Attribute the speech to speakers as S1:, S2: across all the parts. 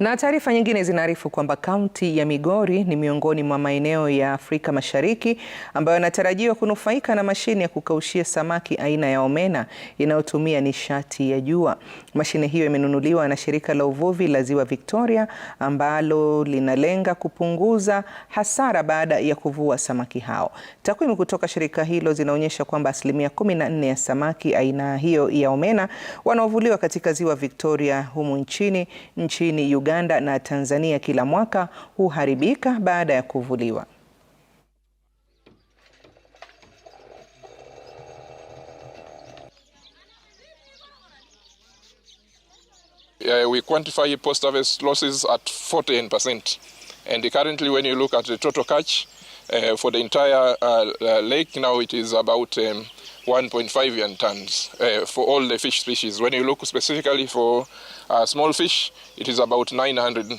S1: Na taarifa nyingine zinaarifu kwamba kaunti ya Migori ni miongoni mwa maeneo ya Afrika Mashariki ambayo yanatarajiwa kunufaika na mashine ya kukaushia samaki aina ya omena inayotumia nishati ya jua. Mashine hiyo imenunuliwa na shirika la uvuvi la Ziwa Victoria ambalo linalenga kupunguza hasara baada ya kuvua samaki hao. Takwimu kutoka shirika hilo zinaonyesha kwamba asilimia 14 ya samaki aina hiyo ya omena wanaovuliwa katika Ziwa Victoria humu nchini nchini Uganda Uganda na Tanzania kila mwaka huharibika baada ya kuvuliwa.
S2: Uh, we quantify post-harvest losses at 14%. And currently when you look at the total catch uh, for the entire uh, uh, lake now it is about um, 1.5 yuan tons uh, for all the fish species. When you look specifically for uh, small fish, it is about 900,000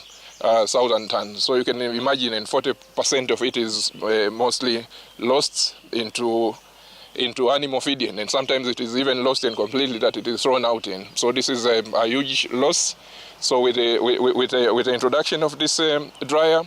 S2: uh, tons. So you can imagine, and 40% of it is eh, mostly lost into into animal feeding, and sometimes it is even lost and completely that it is thrown out in. So this is a, um, a huge loss. So with the, with, with, the, with the introduction of this um, dryer,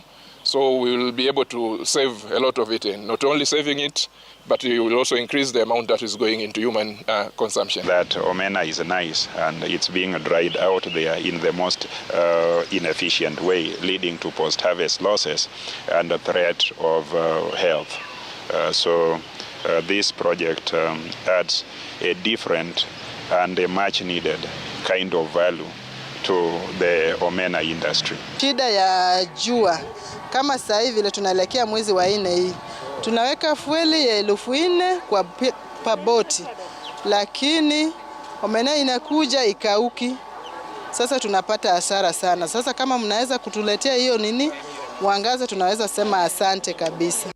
S2: so we will be able to save a lot of it, and not only saving it, but we will also increase the amount that is going into human uh, consumption.
S3: That omena is nice, and it's being dried out there in the most uh, inefficient way, leading to post-harvest losses and a threat of uh, health. Uh, so uh, this project um, adds a different and a much-needed kind of value to the omena industry.
S4: Shida ya jua kama sasa hivi vile tunaelekea mwezi wa nne hii tunaweka fueli ya elfu nne kwa pa boti, lakini omena inakuja ikauki. Sasa tunapata hasara sana. Sasa kama mnaweza kutuletea hiyo nini mwangaza, tunaweza sema asante kabisa.